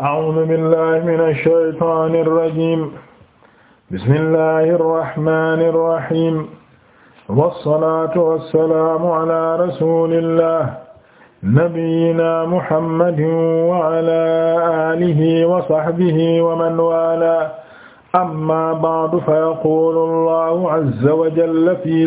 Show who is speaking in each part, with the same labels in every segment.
Speaker 1: أعوذ بالله من الشيطان الرجيم بسم الله الرحمن الرحيم والصلاة والسلام على رسول الله نبينا محمد وعلى آله وصحبه ومن والاه amma ba'du fa yaqulu allahu azza wa jalla fi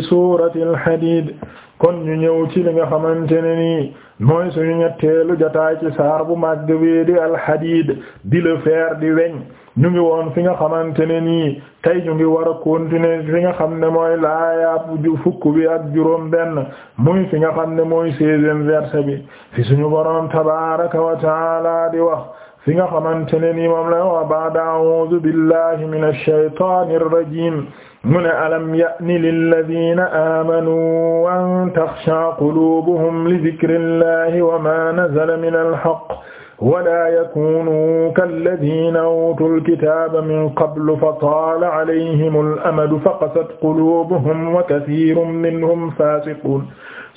Speaker 1: kon ñu ñëw ci li nga xamante ne ni mooy suñu ñetteelu jotaay ci saar bu màgg bi di alhadid di le fer di weñ ñu ngi woon fi nga xamante ne nii tey ñu ngi war a continuer fi nga xam ne mooy laayaab fukk bi ak juróom benn muy fi nga xam ne mooy seizième verset bi fi suñu boroom tabaraka wa taala di wax fi nga xamante ne nii moom la wa ba'da a'uudu billahi minash shaytaanir rajiim mu ne alam ya'ni lilladhiina aamanuu an taxshaa quluubuhum li dhikrillahi wa maa nazala minal haqq wa laa yakuunuu kalladhiina uutul kitaaba min qablu fataala alayhimul amadu faqasat quluubuhum wa kathiirun minhum faasiquun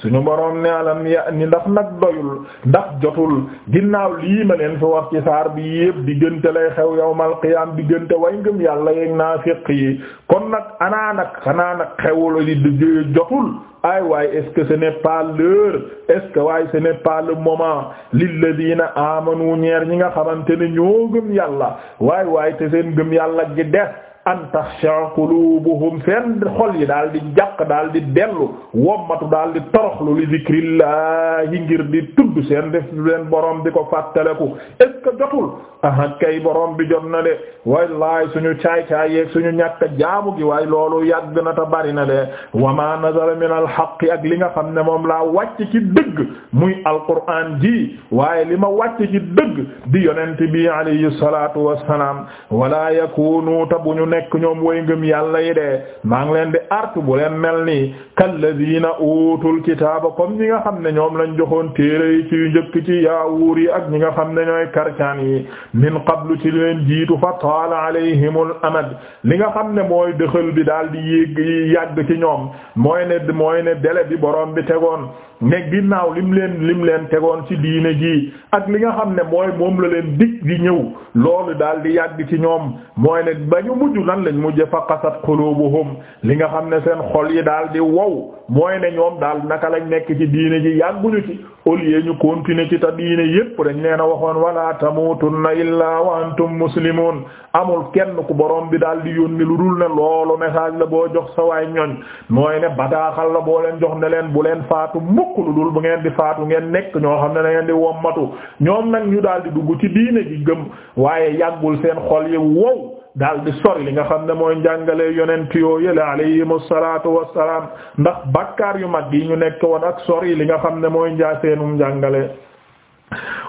Speaker 1: suñu boroom ne alam ya ni ndax nag doyul ndax jotul ginnaaw lii ma leen fi wax ci saar bi yépp diggante lay xew yawmal qiyaam diggante way ngëm yàlla naa naafiq yi kon nag anaa nag xanaa nag xewul di jotul ay waay est-ce que ce n'est pas l'heure est-ce que waaye ce n'est pas le moment lilladina amanu ñeer ñi nga xamante ne ñoo gëm yàlla waay waay te seen gëm yàlla gi def an taxsha qulubuhum seen xol yi daal di jàq daal di dellu wommatu daal di toroxlu li zikrillahi ngir di tudd seen def leen borom bi ko fàttaleku est ce que jotul aha kay borom bi jot na de suñu caay-caay yeeg suñu ñàkk jaamu gi waaye loolu yàgg ta bari na de wa ma nazala min alxaq ak li nga xam ne moom laa wàcc ci dëgg muy alquraan ji waaye li ma wàcc ci dëgg di yonent bi alayhi salatu wassalaam wala yakunu tabuñu nekk ñoom way ngëm yàlla yi de maa ngi leen di artu bu leen mel ni nii kalladiina uutul kitaaba comme ñi nga xam ne ñoom lañ joxoon téere yi ci yu njëkk ci yaawuur yi ak ñi nga xam ne ñooy karcaan yi min qablu ci leen jiitu fa taala alayhimul amad li nga xam ne mooy dëxal bi daal di yéeg yàgg ci ñoom mooy ne mooy ne délai bi borom bi tegoon ne ginnaaw lim leen lim leen tegoon ci diine ji ak li nga xam ne mooy moom la leen dig di ñëw loolu daal di yàgg ci ñoom mooy ne ba ñu mujj lan lañ mujj fa qasat qulubuhum li nga xam ne seen xol yi daal di wow mooy ne ñoom daal naka lañ nekk ci diine ji yàgguñu ci au lieu ñu continuer ci ta diine yépp dañ leen a waxoon wala tamutunna illaa wa antum muslimun amul kenn ku borom bi daal di yónni lu dul ne loolu message la boo jox sa waay ñoñ mooy ne bataaxal la jox ne leen bu leen faatu mukk mukk lu bu ngeen di faatu ngeen nekk ñoo xam ne da ngeen di wommatu ñoom nag ñu daal di dugg ci diine gi gëm waaye yàggul seen xol yi wow daal di sori li nga xam ne mooy njàngale yonent yoo yële alayhim asalatu wassalaam ndax bakkaar yu mag yi ñu nekk woon ak sori li nga xam ne mooy njaa seenum njàngale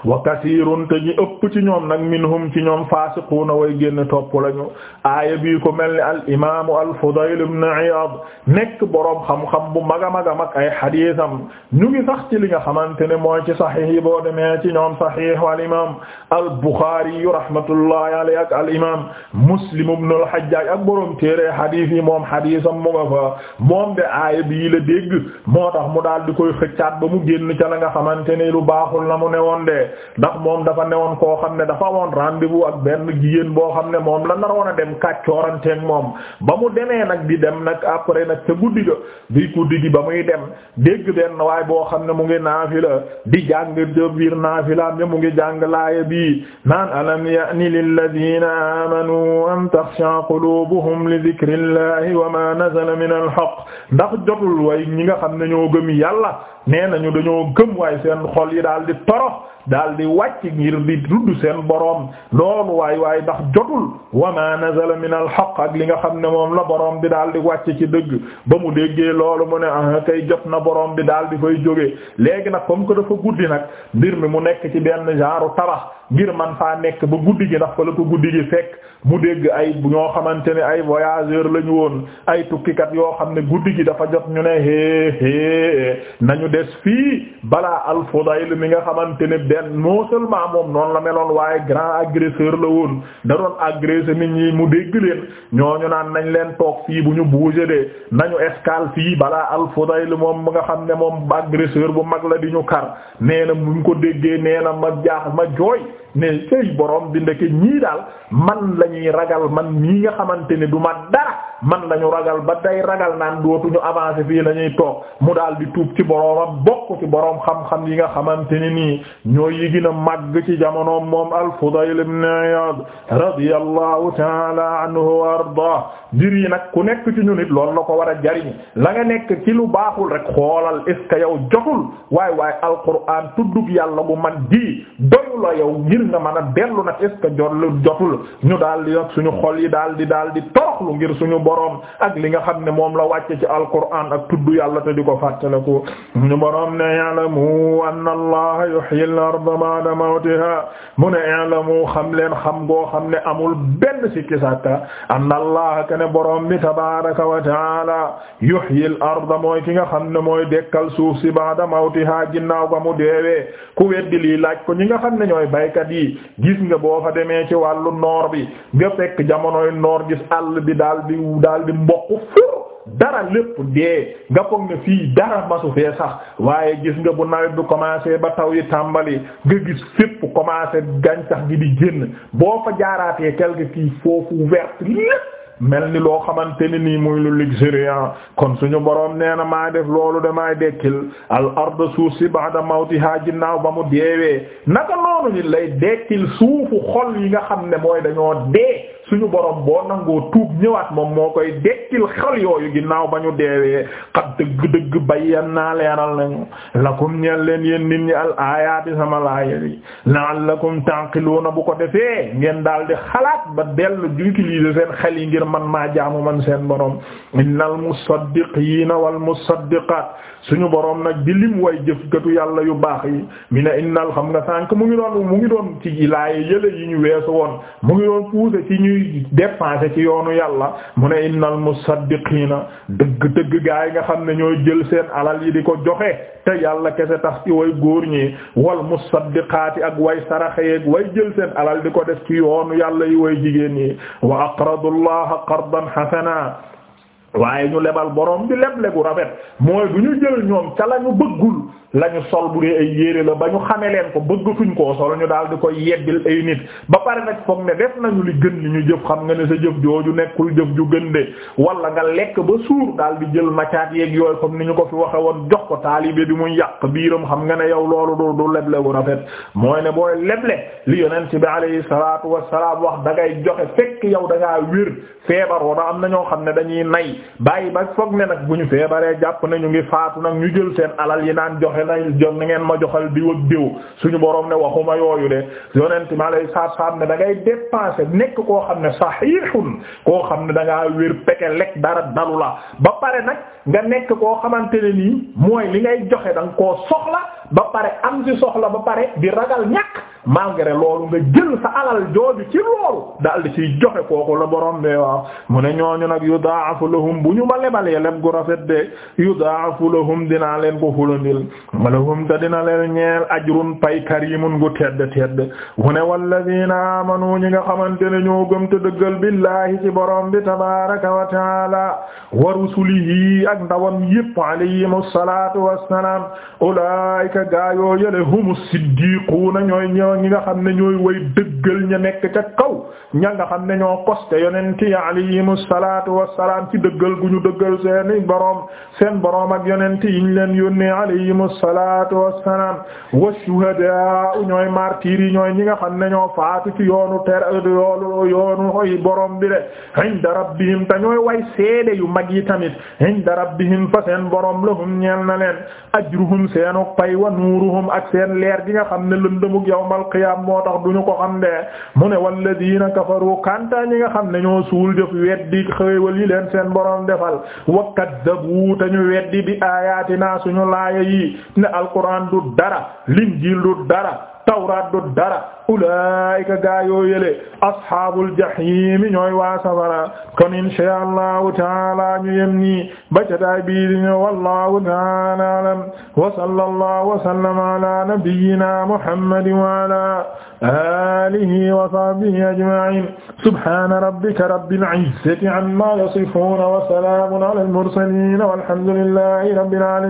Speaker 1: wa kasiirun te ñi ëpp ci ñoom nag minhum ci ñoom faasiquuna way génn topp lañu aaya bii ko mel ni al imaamu al Fudayl ibn Iyaad nekk boroom xam-xam bu mag a mag a mag ay xadiisam ñu ngi sax ci li nga xamante ne mooy ci saxiix yi boo demee ci ñoom saxiix al imaam al Buxaari rahmatullahi alayhi ak al imaam Muslim ibn al Hajjaaj ak boroom téere xadiis yi moom xadiisam mu nga fa moom de aaya bii la dégg moo tax mu daal di koy xëccaat ba mu génn ca la nga xamante ne lu baaxul la mu newoon de ndax moom dafa newoon koo xam ne dafa amoon rendez-vous ak benn jigéen boo xam ne moom la naroon a dem kàccooranteeg moom ba mu demee nag di dem nag après nag ca guddi bi guddi gi ba muy dem dégg benn waaye boo xam ne mu ngi naafila di jàng de biir naafilaam ya mu ngi jàng laaya bii naan alam ya'ni lilladina amanu an taxsha qulubuhum li dhikrillahi wa ma nazala min alhaq ndax jotul way ñi nga xam ne ñoo gëm yàlla nee nañu dañoo gëm waaye seen xol yi daal di torox dal di wàcc ngir di dudd seen boroom loolu waay waay ndax jotul wa ma nazala min al haqq ak li nga xam ne moom la boroom bi daal di wàcc ci dëgg ba mu déggee loolu mu ne ah kay jot na boroom bi daal di koy jóge léegi nag comme que dafa guddi nag mbir mi mu nekk ci benn genre tabax ngir man faa nekk ba guddi gi ndax fa la ko guddi gi fekk mu dégg ay ñoo xamante ne ay voyageur lañu woon ay tukkikat yoo xam ne guddi gi dafa jot ñu ne hee hee nañu des fii balaa al mi nga xamante ne benn non seulement moom noonu la meloon waaye grand agresseur la woon da doon agresser nit ñi mu dégg leen ñu naan nañ leen toog fii bu ñu bouger de nañu escale fii balaa al-Fudayl moom nga xam ne moom agresseur bu mag la di ñu kar nee na bu ñu ko déggee nee na ma jaax ma jooy ne cëy borom bi ndeke ñii daal man lañuy ragal man ñii nga xamante ne du ma dara man lañu ragal ba day ragal naan ñu avancer fii la ñuy toog mu daal di tuub ci boroomam bokk ci boroom xam-xam yi nga xamante ne nii ñooy yi gën màgg ci jamonoom moom al-Fudayl ibn Iyad radiyallahu ta'ala anhu wa ardaah biir yi nag ku nekk ci ñu nit loolu la ko war a jariñ la nga nekk ci lu baaxul rek xoolal est ce que waaye jotul waay waay alquran tuddug yàlla bu mag di doyu la yow ngir nga mën a dellu nag est ce jot lu jotul ñu daal di nag suñu xol yi daal di daal di toroxlu ngir suñu boroom ak li nga xam ne moom la wàcce ci alquran ak tudd yàlla te di ko fàttaliku ñu boroom ne ya'lamu anna allaha yuhyi al-arda ba'da mawtiha mu ne ya'lamu xam leen xam goo xam ne amul benn sikki sàkka anna allaha kana boroom bi tabaraka wa taala yuhyi al-arda mooy ki nga xam ne mooy dekkal suuf si ba'da mawtiha ginnaaw ba mu deewee ku weddi lii laaj ko ñi nga xam ne ñooy baykat yi gis nga boo fa demee ci wàllu noor bi nga fekk jamonoy noor gis àll bi daal bi daal di mboq fu dara lépp dee nga foog ne fii dara masu fee sax waaye gis nga bu nawet bu commencé ba taw yi tàmbali nga gis fépp commencé gàncax gi di génn boo fa jaaraatee quelque kii foofu vert lépp mel ni loo xamante ni muy lu luxuriant kon suñu boroom nee na maa def loolu damay dekkil al ard suuf si ba'da mawtiha ginnaaw ba mu deewee naka noonu ni lay dekkil suufu xol yi nga xam ne mooy dañoo dee suñu borom boo nangoo tuub ñëwaat moom moo koy dekkil xol yooyu ginnaaw ba ñu deewee xat dëgg-dëgg bayyan naa leeral nañu lakum ñeel leen yéen nit ñi al aayaati sama laaya yi la'allakum ta'qiluuna bu ko defee ngeen daal di xalaat ba dellu di utiliser seen xel yi ngir man maa jaamu man seen borom innal musaddiqiina wal musaddiqaat suñu borom nag di lim way jëfkatu yàlla yu baax yi mi ne innal xam nga sànk mu ngi doon mu ngi doon yi ñu weesu woon mu ngi doon ci ñuy ñuy dépenser ci yoonu yàlla mu ne innal musaddiqiina dëgg-dëgg gaa yi nga xam ne ñooy jël seen alal yi di ko joxe te yàlla kese tax ci way góor ñi wal musaddiqaati ak way saraxe yeeg way jël seen alal di ko def ci yoonu yàlla yi way jigéen yi wa aqradu llaha qardan hasana waaye ñu lebal borom bi leble gu rafet mooy du ñu jël ñoom ca la bëggul lañu sol bu dee ay yére la ba ñu xame leen ko bëggatuñ koo sol ñu daal di koy yebbil ay nit ba pare nag foog ne def nañu li gën li ñu jëf xam nga ne sa jëf jooju nekkul jëf ju gën de wala nga lekk ba suur daal di jël macaat yeeg yooyu comme ni ñu ko fi waxe woon jox ko taalibe bi mu yàq biiram xam nga ne yow loolu du du leble bu rafet mooy ne booy leble li yonent bi alayhi salaatu wassalaam wax da ngay joxe fekk yow da ngaa wér feebar woona am na ñoo xam ne dañuy nay bàyyi ba foog ne nag bu ñu feebaree jàpp na ñu ngi faatu nag ñu jël seen alal yi naan joxe joxe nañ jom na ngeen ma joxal diw ak diw suñu borom ne waxuma yooyu de yonent ma lay saab saam ne da ngay dépenser nekk koo xam ne sahihun koo xam ne da ngaa wér peke lekk dara dalu la ba pare nag nga nekk koo xamante ne nii mooy li ngay joxe da nga koo soxla ba pare am ci soxla ba pare di ragal ñàkk malgré loolu nga jël sa alal jooju ci loolu daal di ciy joxe kooku la borom bee waaw mu ne ñooñu nag yu yudaafu lahum bu ñu ma lebalee leb gu rafet de yudaafu lahum dinaa leen ko malahum te dina leen ñeel ajrun pay karimun gu tedd tedd mu ne walladina amanu ñi nga xamante ne ñoo gëm te dëggal billahi ci borom bi tabaraka wa taala wa rusulihi ak ndawam yépp wa asalatu wassalaam ulaayika gaayoo yële humu siddiquuna ñooy ñoo ñi nga xam ne ñooy way dëggal ña nekk ca kaw ña nga xam ne ñoo koste yonent yi alayhim wa wassalaam ci dëggal gu ñu dëggal seeni borom seen borom ak yonent yiñ leen yónnee alayhim salaatu wassalaam wa shuhadaa ñooy martyr yi ñooy ñi nga xam ne ñoo faatu ci yoonu ter yoonu yoonu boroom bi de inda rabbihim te ñooy way seede yu mag yi tamit inda rabbihim fa seen borom lahum ñeel na leen ajruhum seenu pay wa nuuruhum ak seen leer gi nga xam ne lëndëmug yawmal qiyaam moo tax duñu ko xam de mu ne wa walladiina kafaru kanta ñi nga xam ne ñoo suul jëf weddi xéewal yi leen seen borom defal wa kaddabu te ñu weddi bi aayaatinaa suñu laaya yi ne alquran du dara linjiil du dara tawraat du dara ulaayika gaa yoo yële ashaabul jahiimi ñooy waa safara kon inshaa allahu taala ñu yem nii ba ca daay bii di ñëw wallahu taala alam wa sallallahu wa sallama ala nabiyyina muhammadin wa ala alihi wa sahbihi ajma'in subhana rabbika rabbil izzati amma yasifun wa salamun ala al mursalin walhamdulillahi rabbil alamin